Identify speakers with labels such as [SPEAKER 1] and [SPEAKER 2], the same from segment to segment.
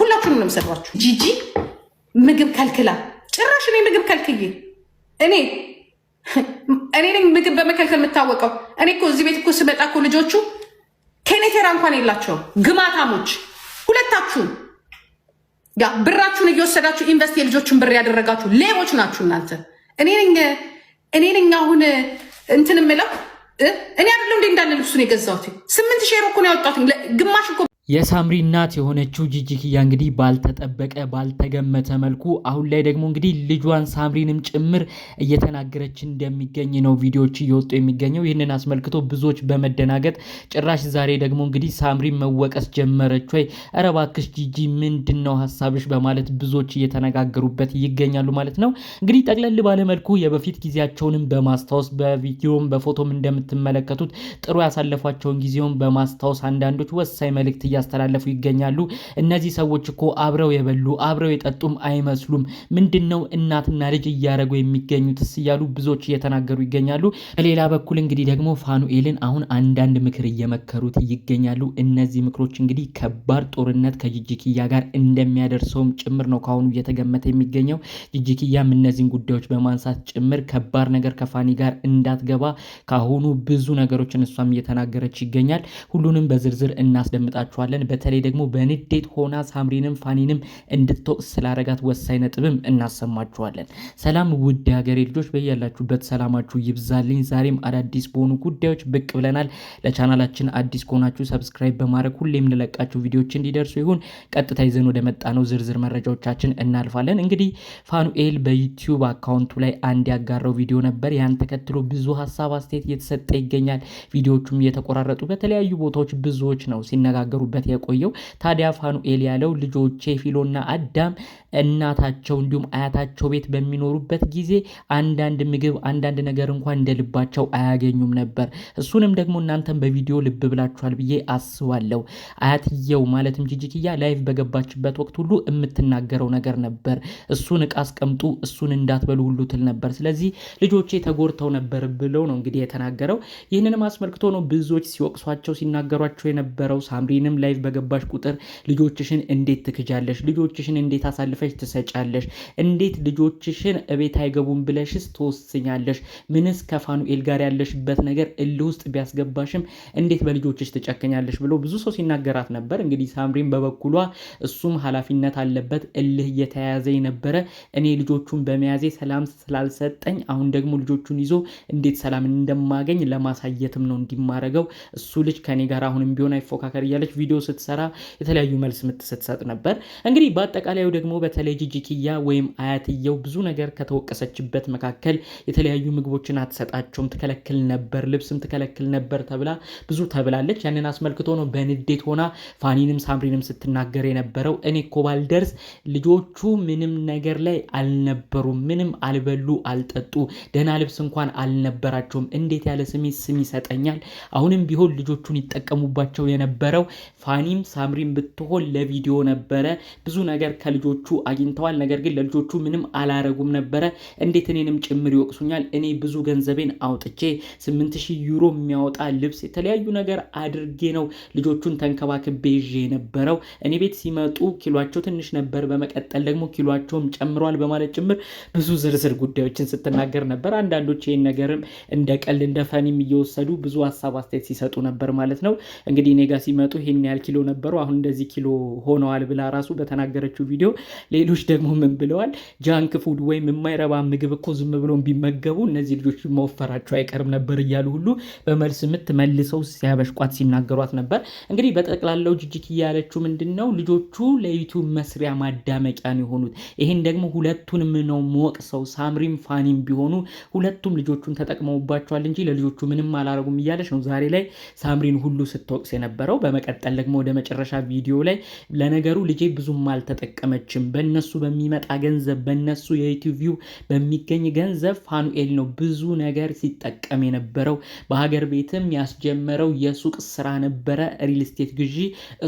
[SPEAKER 1] ሁላችሁንም ነው የምሰድባችሁ። ጂጂ ምግብ ከልክላ ጭራሽ እኔ ምግብ ከልክዬ እኔ እኔ ነኝ ምግብ በመከልከል የምታወቀው። እኔ እኮ እዚህ ቤት እኮ ስመጣ እኮ ልጆቹ ከኔቴራ እንኳን የላቸው ግማታሞች ሁለታችሁም ያ ብራችሁን እየወሰዳችሁ ኢንቨስት የልጆችን ብር ያደረጋችሁ ሌቦች ናችሁ እናንተ። እኔ ነኝ አሁን እንትን ምለው እኔ አይደለም እንዴ እንዳለ ልብሱን የገዛሁት ስምንት ሮ እኮ ነው ያወጣሁት ግማሽ እኮ
[SPEAKER 2] የሳምሪ እናት የሆነችው ጂጂክያ እንግዲህ ባልተጠበቀ ባልተገመተ መልኩ አሁን ላይ ደግሞ እንግዲህ ልጇን ሳምሪንም ጭምር እየተናገረች እንደሚገኝ ነው ቪዲዮዎች እየወጡ የሚገኘው። ይህንን አስመልክቶ ብዙዎች በመደናገጥ ጭራሽ ዛሬ ደግሞ እንግዲህ ሳምሪ መወቀስ ጀመረች ወይ፣ ኧረ እባክሽ ጂጂ ምንድን ነው ሀሳብሽ? በማለት ብዙዎች እየተነጋገሩበት ይገኛሉ ማለት ነው። እንግዲህ ጠቅለል ባለመልኩ የበፊት ጊዜያቸውንም በማስታወስ በቪዲዮም በፎቶም እንደምትመለከቱት ጥሩ ያሳለፏቸውን ጊዜውን በማስታወስ አንዳንዶች ወሳኝ መልእክት እያስተላለፉ ይገኛሉ። እነዚህ ሰዎች እኮ አብረው የበሉ አብረው የጠጡም አይመስሉም። ምንድን ነው እናትና ልጅ እያደረጉ የሚገኙትስ? እያሉ ብዙዎች እየተናገሩ ይገኛሉ። በሌላ በኩል እንግዲህ ደግሞ ፋኑኤልን አሁን አንዳንድ ምክር እየመከሩት ይገኛሉ። እነዚህ ምክሮች እንግዲህ ከባድ ጦርነት ከጂጂኪያ ጋር እንደሚያደርሰውም ጭምር ነው ከአሁኑ እየተገመተ የሚገኘው። ጂጂኪያም እነዚህን ጉዳዮች በማንሳት ጭምር ከባድ ነገር ከፋኒ ጋር እንዳትገባ ከአሁኑ ብዙ ነገሮችን እሷም እየተናገረች ይገኛል። ሁሉንም በዝርዝር እናስደምጣችኋል። እናነሳዋለን። በተለይ ደግሞ በንዴት ሆና ሳምሪንም ፋኒንም እንድትወቅስ ስላረጋት ወሳኝ ነጥብም እናሰማችኋለን። ሰላም ውድ ሀገሬ ልጆች በያላችሁበት ሰላማችሁ ይብዛልኝ። ዛሬም አዳዲስ በሆኑ ጉዳዮች ብቅ ብለናል። ለቻናላችን አዲስ ከሆናችሁ ሰብስክራይብ በማድረግ ሁሌ የምንለቃችሁ ቪዲዮዎች እንዲደርሱ ይሁን። ቀጥታ ይዘን ወደ ነው ዝርዝር መረጃዎቻችን እናልፋለን። እንግዲህ ፋኑኤል በዩቲዩብ አካውንቱ ላይ አንድ ያጋራው ቪዲዮ ነበር። ያን ተከትሎ ብዙ ሀሳብ አስተያየት እየተሰጠ ይገኛል። ቪዲዮዎቹም እየተቆራረጡ በተለያዩ ቦታዎች ብዙዎች ነው ሲነጋገሩ ሲናገርበት የቆየው። ታዲያ ፋኑኤል ያለው ልጆቼ ፊሎና አዳም እናታቸው እንዲሁም አያታቸው ቤት በሚኖሩበት ጊዜ አንዳንድ ምግብ፣ አንዳንድ ነገር እንኳን እንደ ልባቸው አያገኙም ነበር። እሱንም ደግሞ እናንተም በቪዲዮ ልብ ብላችኋል ብዬ አስባለሁ። አያትየው ማለትም ጂጂኪያ ላይቭ በገባችበት ወቅት ሁሉ የምትናገረው ነገር ነበር። እሱን እቃ አስቀምጡ፣ እሱን እንዳትበሉ ሁሉ ትል ነበር። ስለዚህ ልጆቼ ተጎድተው ነበር ብለው ነው እንግዲህ የተናገረው። ይህንንም አስመልክቶ ነው ብዙዎች ሲወቅሷቸው ሲናገሯቸው የነበረው ሳምሪንም ላይፍ በገባሽ ቁጥር ልጆችሽን እንዴት ትክጃለሽ? ልጆችሽን እንዴት አሳልፈሽ ትሰጫለሽ? እንዴት ልጆችሽን እቤት አይገቡም ብለሽስ ትወስኛለሽ? ምንስ ከፋኑኤል ጋር ያለሽበት ነገር እልህ ውስጥ ቢያስገባሽም እንዴት በልጆችሽ ትጨክኛለሽ? ብሎ ብዙ ሰው ሲናገራት ነበር። እንግዲህ ሳምሪም በበኩሏ እሱም ኃላፊነት አለበት እልህ እየተያያዘ የነበረ እኔ ልጆቹን በመያዜ ሰላም ስላልሰጠኝ አሁን ደግሞ ልጆቹን ይዞ እንዴት ሰላም እንደማገኝ ለማሳየትም ነው እንዲማረገው እሱ ልጅ ከኔ ጋር አሁንም ቢሆን አይፎካከር እያለች ቪዲዮ ቪዲዮ ስትሰራ የተለያዩ መልስ ምት ነበር። እንግዲህ በአጠቃላዩ ደግሞ በተለይ ጂጂኪያ ወይም አያትየው ብዙ ነገር ከተወቀሰችበት መካከል የተለያዩ ምግቦችን አትሰጣቸውም፣ ትከለክል ነበር፣ ልብስም ትከለክል ነበር ተብላ ብዙ ተብላለች። ያንን አስመልክቶ ነው በንዴት ሆና ፋኒንም ሳምሪንም ስትናገር የነበረው። እኔ እኮ ባልደርስ ልጆቹ ምንም ነገር ላይ አልነበሩም፣ ምንም አልበሉ፣ አልጠጡ፣ ደህና ልብስ እንኳን አልነበራቸውም። እንዴት ያለ ስሜት ስም ይሰጠኛል። አሁንም ቢሆን ልጆቹን ይጠቀሙባቸው የነበረው ፋኒም ሳምሪም ብትሆን ለቪዲዮ ነበረ። ብዙ ነገር ከልጆቹ አግኝተዋል። ነገር ግን ለልጆቹ ምንም አላረጉም ነበረ። እንዴት እኔንም ጭምር ይወቅሱኛል? እኔ ብዙ ገንዘቤን አውጥቼ 8000 ሺህ ዩሮ የሚያወጣ ልብስ፣ የተለያዩ ነገር አድርጌ ነው ልጆቹን ተንከባክቤ ይዤ የነበረው። እኔ ቤት ሲመጡ ኪሏቸው ትንሽ ነበር፣ በመቀጠል ደግሞ ኪሏቸውም ጨምሯል በማለት ጭምር ብዙ ዝርዝር ጉዳዮችን ስትናገር ነበር። አንዳንዶች ይህን ነገርም እንደ ቀልድ እንደ ፈኒም እየወሰዱ ብዙ ሀሳብ አስተያየት ሲሰጡ ነበር ማለት ነው። እንግዲህ እኔ ጋ ሲመጡ ይህን ያህል ኪሎ ነበሩ፣ አሁን እንደዚህ ኪሎ ሆነዋል ብላ ራሱ በተናገረችው ቪዲዮ ሌሎች ደግሞ ምን ብለዋል? ጃንክ ፉድ ወይም የማይረባ ምግብ እኮ ዝም ብለው ቢመገቡ እነዚህ ልጆች መወፈራቸው አይቀርም ነበር እያሉ ሁሉ በመልስ ምት መልሰው ሲያበሽቋት ሲናገሯት ነበር። እንግዲህ በጠቅላላው ጅጅክ እያለችው ምንድን ነው ልጆቹ ለዩቱብ መስሪያ ማዳመቂያ ነው የሆኑት። ይህን ደግሞ ሁለቱንም ነው ሰው ሳምሪም ፋኒም ቢሆኑ ሁለቱም ልጆቹን ተጠቅመውባቸዋል እንጂ ለልጆቹ ምንም አላረጉም እያለች ነው ዛሬ ላይ ሳምሪን ሁሉ ስትወቅስ የነበረው በመቀጠል ይላል ደግሞ ወደ መጨረሻ ቪዲዮ ላይ ለነገሩ ልጄ ብዙም አልተጠቀመችም። በነሱ በሚመጣ ገንዘብ በነሱ የዩቲዩብ ቪው በሚገኝ ገንዘብ ፋኑኤል ነው ብዙ ነገር ሲጠቀም የነበረው። በሀገር ቤትም ያስጀመረው የሱቅ ስራ ነበረ፣ ሪል ስቴት ግዢ።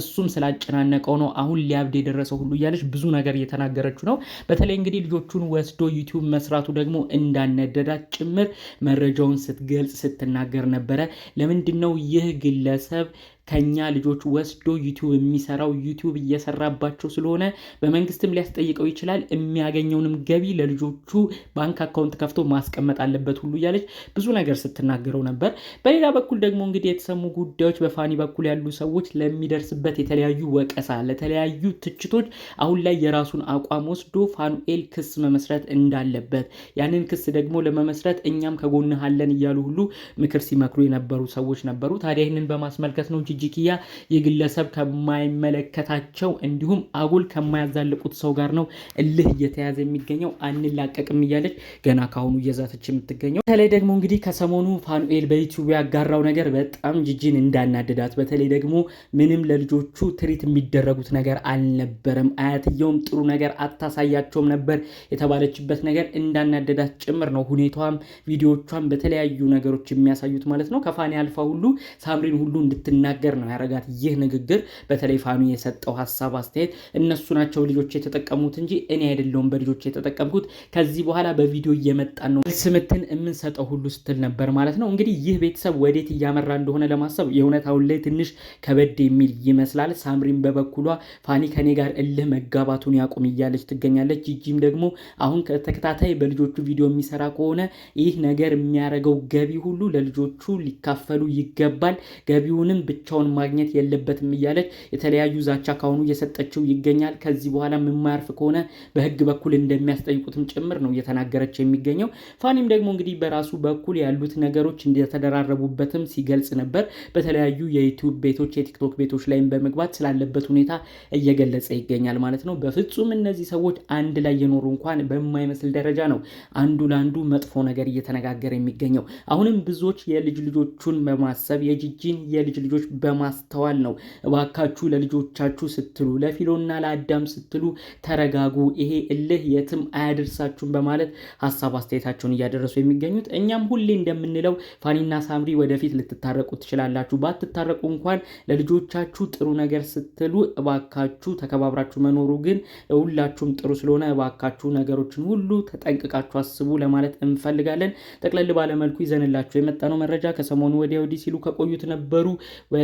[SPEAKER 2] እሱም ስላጨናነቀው ነው አሁን ሊያብድ የደረሰው ሁሉ እያለች ብዙ ነገር እየተናገረችው ነው። በተለይ እንግዲህ ልጆቹን ወስዶ ዩቲዩብ መስራቱ ደግሞ እንዳነደዳት ጭምር መረጃውን ስትገልጽ ስትናገር ነበረ። ለምንድን ነው ይህ ግለሰብ ከኛ ልጆች ወስዶ ዩቲዩብ የሚሰራው ዩቲዩብ እየሰራባቸው ስለሆነ በመንግስትም ሊያስጠይቀው ይችላል። የሚያገኘውንም ገቢ ለልጆቹ ባንክ አካውንት ከፍቶ ማስቀመጥ አለበት ሁሉ እያለች ብዙ ነገር ስትናገረው ነበር። በሌላ በኩል ደግሞ እንግዲህ የተሰሙ ጉዳዮች በፋኒ በኩል ያሉ ሰዎች ለሚደርስበት የተለያዩ ወቀሳ፣ ለተለያዩ ትችቶች አሁን ላይ የራሱን አቋም ወስዶ ፋኑኤል ክስ መመስረት እንዳለበት ያንን ክስ ደግሞ ለመመስረት እኛም ከጎንሃለን እያሉ ሁሉ ምክር ሲመክሩ የነበሩ ሰዎች ነበሩ። ታዲያ ይህንን በማስመልከት ነው እንጂ ቲጂኪያ የግለሰብ ከማይመለከታቸው እንዲሁም አጉል ከማያዛልቁት ሰው ጋር ነው እልህ እየተያዘ የሚገኘው አንላቀቅም እያለች ገና ካሁኑ እየዛተች የምትገኘው። በተለይ ደግሞ እንግዲህ ከሰሞኑ ፋኑኤል በዩቲዩብ ያጋራው ነገር በጣም ጂጂን እንዳናደዳት፣ በተለይ ደግሞ ምንም ለልጆቹ ትሪት የሚደረጉት ነገር አልነበረም፣ አያትየውም ጥሩ ነገር አታሳያቸውም ነበር የተባለችበት ነገር እንዳናደዳት ጭምር ነው። ሁኔታዋም ቪዲዮቿም በተለያዩ ነገሮች የሚያሳዩት ማለት ነው ከፋኒ አልፋ ሁሉ ሳምሪን ሁሉ እንድትናገር እንድትናገር ነው ያረጋት። ይህ ንግግር በተለይ ፋኑ የሰጠው ሀሳብ አስተያየት፣ እነሱ ናቸው ልጆች የተጠቀሙት እንጂ እኔ አይደለውም በልጆች የተጠቀምኩት። ከዚህ በኋላ በቪዲዮ እየመጣን ነው ስምትን የምንሰጠው ሁሉ ስትል ነበር ማለት ነው። እንግዲህ ይህ ቤተሰብ ወዴት እያመራ እንደሆነ ለማሰብ የእውነት አሁን ላይ ትንሽ ከበድ የሚል ይመስላል። ሳምሪን በበኩሏ ፋኒ ከኔ ጋር እልህ መጋባቱን ያቁም እያለች ትገኛለች። ጂጂም ደግሞ አሁን ከተከታታይ በልጆቹ ቪዲዮ የሚሰራ ከሆነ ይህ ነገር የሚያደርገው ገቢ ሁሉ ለልጆቹ ሊካፈሉ ይገባል ገቢውንም ብቻ ብቻውን ማግኘት የለበትም እያለች የተለያዩ ዛቻ ካሁኑ እየሰጠችው ይገኛል። ከዚህ በኋላ የማያርፍ ከሆነ በህግ በኩል እንደሚያስጠይቁትም ጭምር ነው እየተናገረች የሚገኘው። ፋኒም ደግሞ እንግዲህ በራሱ በኩል ያሉት ነገሮች እንደተደራረቡበትም ሲገልጽ ነበር። በተለያዩ የዩቲዩብ ቤቶች፣ የቲክቶክ ቤቶች ላይም በመግባት ስላለበት ሁኔታ እየገለጸ ይገኛል ማለት ነው። በፍጹም እነዚህ ሰዎች አንድ ላይ የኖሩ እንኳን በማይመስል ደረጃ ነው አንዱ ለአንዱ መጥፎ ነገር እየተነጋገረ የሚገኘው። አሁንም ብዙዎች የልጅ ልጆቹን በማሰብ የጂጂን የልጅ ልጆች በማስተዋል ነው። እባካችሁ ለልጆቻችሁ ስትሉ፣ ለፊሎና ለአዳም ስትሉ ተረጋጉ፣ ይሄ እልህ የትም አያደርሳችሁም በማለት ሀሳብ አስተያየታቸውን እያደረሱ የሚገኙት እኛም ሁሌ እንደምንለው ፋኒና ሳምሪ ወደፊት ልትታረቁ ትችላላችሁ። ባትታረቁ እንኳን ለልጆቻችሁ ጥሩ ነገር ስትሉ እባካችሁ ተከባብራችሁ መኖሩ ግን ሁላችሁም ጥሩ ስለሆነ እባካችሁ ነገሮችን ሁሉ ተጠንቅቃችሁ አስቡ ለማለት እንፈልጋለን። ጠቅለል ባለመልኩ ይዘንላችሁ የመጣነው መረጃ ከሰሞኑ ወዲያ ወዲህ ሲሉ ከቆዩት ነበሩ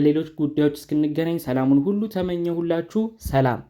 [SPEAKER 2] በሌሎች ጉዳዮች እስክንገናኝ ሰላሙን ሁሉ ተመኘሁላችሁ። ሰላም